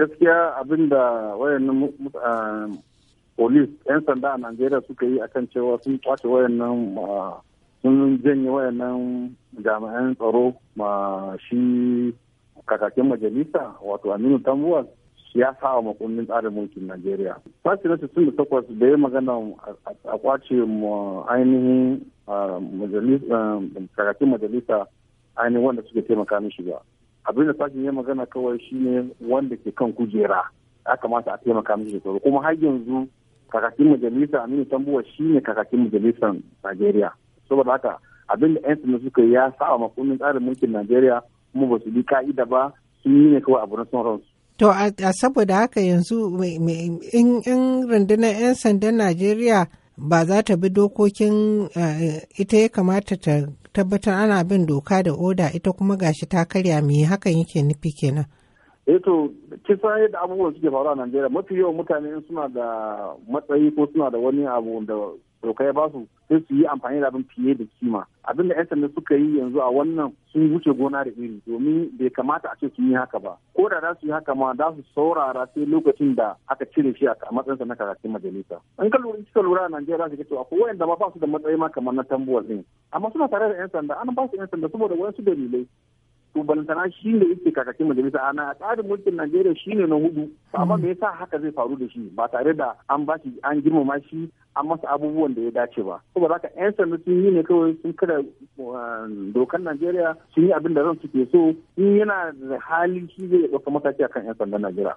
gaskiya abin da wayannan polis 'yan sanda a najeriya suka yi akan cewa sun kwace wayannan sun janye wayannan jami'an tsaro ma shi kakakin majalisa wato aminu tambuwa ya sawa makonnin tsarin mulkin najeriya sashi na da takwas da ya magana a kwace ainihin kakakin majalisa ainihin wanda suke taimaka mishi ba abin da sashen ya magana kawai shine wanda ke kan kujera ya kamata a taimaka mishi da kuma har yanzu kakakin majalisa aminu tambuwa shine kakakin majalisar najeriya saboda haka abin da 'yan sanda suka yi ya saba makonin tsarin mulkin najeriya kuma ba su bi ka'ida ba sun yi ne kawai abu na son ransu To a saboda haka yanzu in rundunar 'yan sandan Najeriya ba za ta bi dokokin eh, ita ya kamata ta tabbatar ana bin doka da oda ita kuma gashi ta karya me hakan yake nufi kenan eto eh kisa yadda abubuwan suke faru a Najeriya mafi yawan mutane suna da matsayi ko suna da wani abu da doka ya basu sai su yi amfani da abin fiye da kima abin da 'yan sanda suka yi yanzu a wannan sun wuce gona da iri domin bai kamata a ce sun yi haka ba ko da za su yi haka ma za su saurara sai lokacin da aka cire shi a matsayinsa na karatun majalisa in ka lura a Najeriya su ga cewa ko wayanda ba su da matsayi ma kamar na tambuwa din amma suna tare da 'yan sanda an ba su 'yan sanda saboda wasu dalilai to balantana shi ne yake kakakin majalisa ana tsarin mulkin najeriya shi ne na hudu amma hmm. me yasa haka zai faru da shi ba tare da an ba shi an girmama shi an masa abubuwan da ya dace ba saboda haka yan sanda sun yi ne kawai sun kada um, dokar najeriya sun yi abin da ran suke so in yana da hali shi zai ɗauka mataki akan yan sandan najeriya